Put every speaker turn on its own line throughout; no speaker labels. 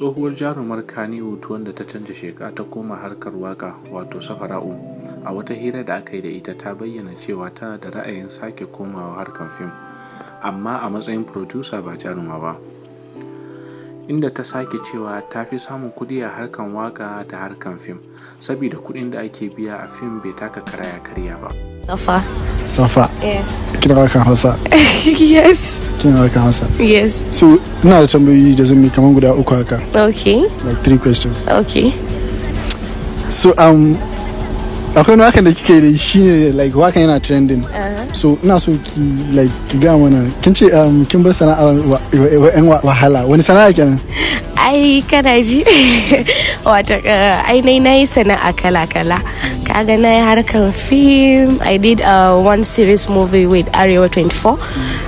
tsohuwar jarumar hutu wanda ta canza sheka ta koma harkar waka wato safara'u a wata hira da aka yi da ita ta bayyana cewa tana da ra'ayin sake komawa harkar fim amma a matsayin producer ba jaruma ba inda ta sake cewa ta fi samun kudi a harkar waka da harkar fim saboda kudin da ake biya a fim bai taka karaya karya ba
Safa. Yes. Kina harkar Hausa.
yes.
Kina harkar Hausa. Yes. So, ina da tambayoyi da zan yi kamar guda uku haka. Okay. Like three questions. Okay. So, um, akwai wani wakan da yi da shi ne like wakan yana trending. Uh-huh. So, ina so ki like ki ga mana kin ce um kin bar sana'ar wa wa, wahala wani sana'a kenan?
ai kana ji wato eh, ainihin na yi sana'a kala-kala kaga na yi harkar fim i did a eh, one series movie with arewa 24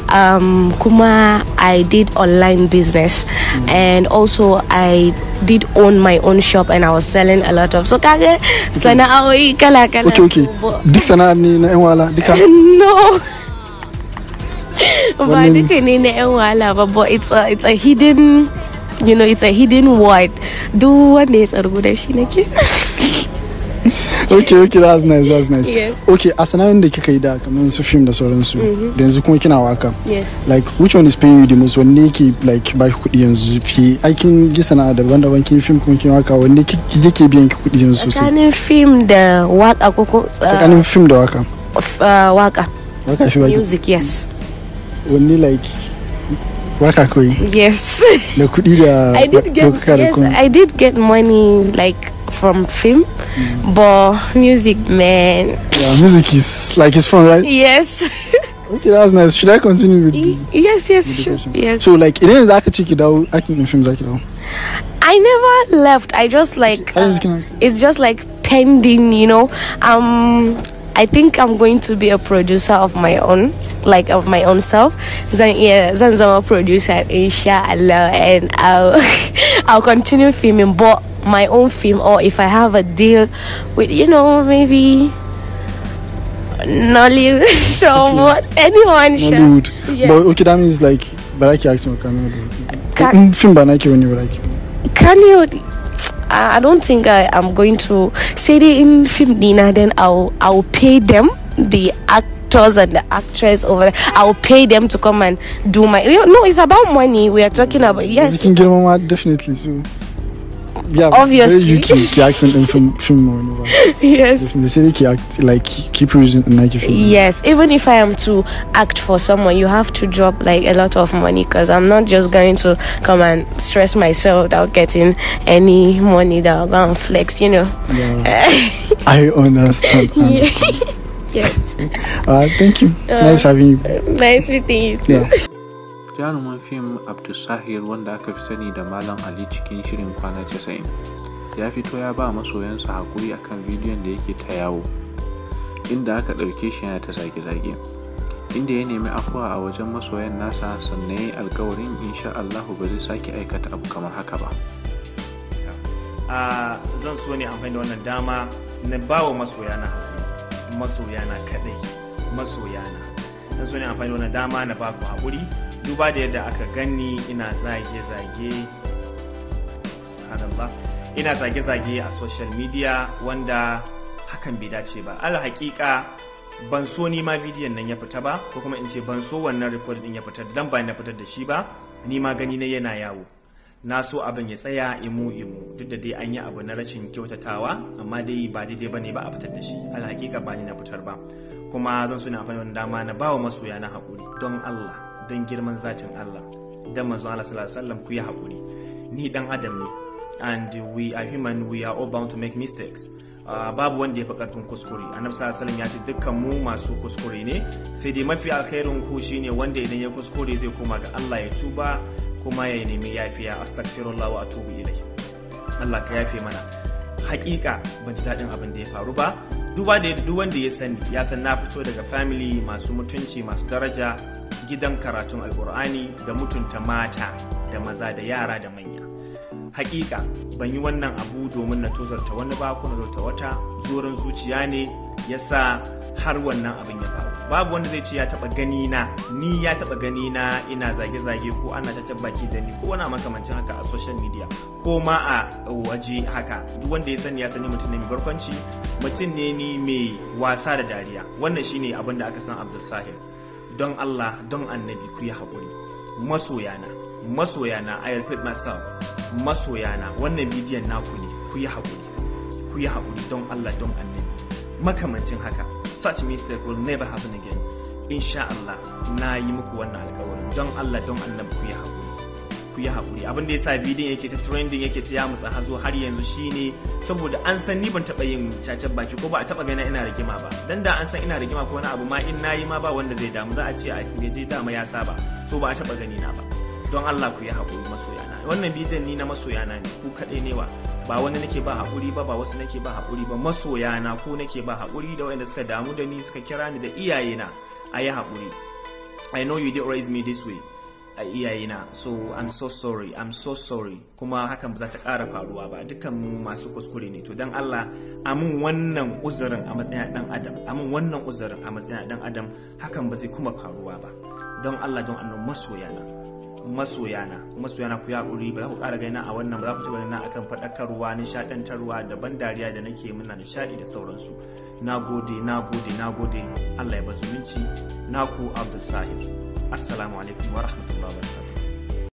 um, kuma i did online business and also i did own my own shop and i was selling a lot of so kaga sana'o'i kala-kala okay okay
duk sana'a ne na yan wala duka no
ba duka ne na wala ba but it's a, it's a hidden you know it's a hidden word do wanda ya tsargu da shi nake
okay okay that's nice that's nice yes. okay a sana'o'in da kika yi da kamar su film da sauransu da yanzu kuma kina waka yes. like which one is paying you the most wanne like ba kuɗi yanzu fi aikin sana'a daban-daban kin film kuma kin waka wanne yake biyan ki kuɗi yanzu sosai tsakanin
film da waka ko ko
film da uh, waka waka waka shi music yes wanne like waka yes i did get yes i
did get money like from film mm. but music man
yeah music is like it's fun right yes okay that's nice should i continue with the,
yes yes with sure yes
so like it is aka ciki out acting in films aka dawo
i never left i just like uh, it's just like pending you know um I think I'm going to be a producer of my own, like of my own self. Then yeah, then I'm a producer, inshallah, and I'll I'll continue filming, but my own film, or if I have a deal with you know maybe Nollywood, so okay. what anyone. Nollywood. But okay,
that means like Baraki asked me, can you film Baraki when you like?
Can you? I, I don't think I am going to say they in film dinner. Then I'll I'll pay them the actors and the actress over there. I'll pay them to come and do my. You know, no, it's about money. We are talking about yes. You
can get one definitely. So yeah, obviously. UK, in, film, Yes. They say they act like keep using Nike film.
Yes, even if I am to act for someone, you have to drop like a lot of money because I'm not just going to come and stress myself without getting any money that I'll go and flex. You know. Yeah.
I understand. yes. Uh, thank you. Uh, nice having you. Nice meeting you too. Yeah.
jarumin fim abdulsahir wanda aka fi sani da malam ali cikin shirin kwana 90 ya fito ya ba masoyansa hakuri akan bidiyon da yake ta yawo inda aka ɗauke shi yana ta zage-zage inda ya nemi afuwa a wajen masoyan nasa sannan ya yi alkawarin insha allahu ba zai sake aikata abu kamar haka ba a zan so ne amfani da wannan dama na ba wa masoyana masoyana kadai masoyana zan so ne amfani da wannan dama na ba ku haƙuri duba da yadda aka gani ina zage-zage ina zage-zage a social media wanda hakan bai dace ba alhaƙiƙa ban so ni ma bidiyon nan ya fita ba ko kuma in ce ban so wannan record din ya fita dan ba na fitar da shi ba ni ma gani na yana yawo na so abin ya tsaya imu imu duk da dai an yi abu na rashin kyautatawa amma dai ba daidai bane ba a fitar da shi alhaƙiƙa ba ni na fitar ba kuma zan so na amfani wannan dama na bawa masoya na hakuri don Allah don girman zatin Allah dan mazu Allah sallallahu alaihi ku yi hakuri ni dan adam ne and we are human we are all bound to make mistakes Uh, babu wanda ya fi karfin kuskure annabi sallallahu alaihi ya ce dukkan mu masu kuskure ne sai dai mafi alkhairin ku shine wanda idan ya kuskure zai koma ga Allah ya tuba kuma ya nemi yafiya astaghfirullah wa atubu ilai Allah ka yafe mana hakika ban ji daɗin abin da ya faru ba duba da duk wanda ya sani ya san na fito daga family masu mutunci masu daraja gidan karatun alkur'ani da mutunta mata da maza da yara da manya hakika ban yi wannan abu domin na tozarta wani ba ko na wata zurin zuciya ne Ya sa har wannan abin ya faru babu wanda zai ce ya taba gani na ni ya taba gani na ina zage-zage ko ana ta tabbaki da ni ko wani makamancin haka a social media ko ma a waje haka duk wanda ya sani ya sani mutum ne mai barkwanci mutum ne ni mai wasa da dariya wannan shine abin da aka san Abdul don Allah don annabi ku yi haƙuri masoyana masoyana I repeat myself masoyana wannan bidiyon naku ne ku yi haƙuri ku yi haƙuri don Allah don annabi makamancin haka such mistake will never happen again insha Allah na yi muku wannan alƙawarin don Allah don annabi ku yi haƙuri ku yi haƙuri abin da ya sa bidiyon yake ta trending yake ta yamutsa hazo har yanzu shine saboda an san ni ban taɓa yin cacar baki ko ba a taɓa gani ina rigima ba dan da an san ina rigima ko wani abu ma in nayi ma ba wanda zai damu za a ce a ya je dama ya saba so ba a taɓa gani na ba don Allah ku yi haƙuri masoyana wannan bidiyon ni na masoyana ne ku kaɗai ne wa ba wani nake ba haƙuri ba ba wasu nake ba haƙuri ba masoyana ko nake ba haƙuri da waɗanda suka damu da ni suka kira ni da iyayena a yi haƙuri I know you did raise me this way a iyayena so i'm so sorry i'm so sorry kuma hakan ba za ta ƙara faruwa ba dukan mu masu kuskure ne to dan Allah amin wannan uzurin a matsayin dan adam amin wannan uzurin a matsayin dan adam hakan ba zai kuma faruwa ba don Allah don annon masoyana masoyana masoyana ku yaƙuri ba za ku ƙara gaina a wannan ba za ku ci gaina akan faɗakarwa nishaɗantarwa da ban dariya da nake muna nishaɗi da sauransu na gode na gode na gode allah ya bazuminci naku abdul sahib assalamu alaikum wa rahmatullahi wa barakatuh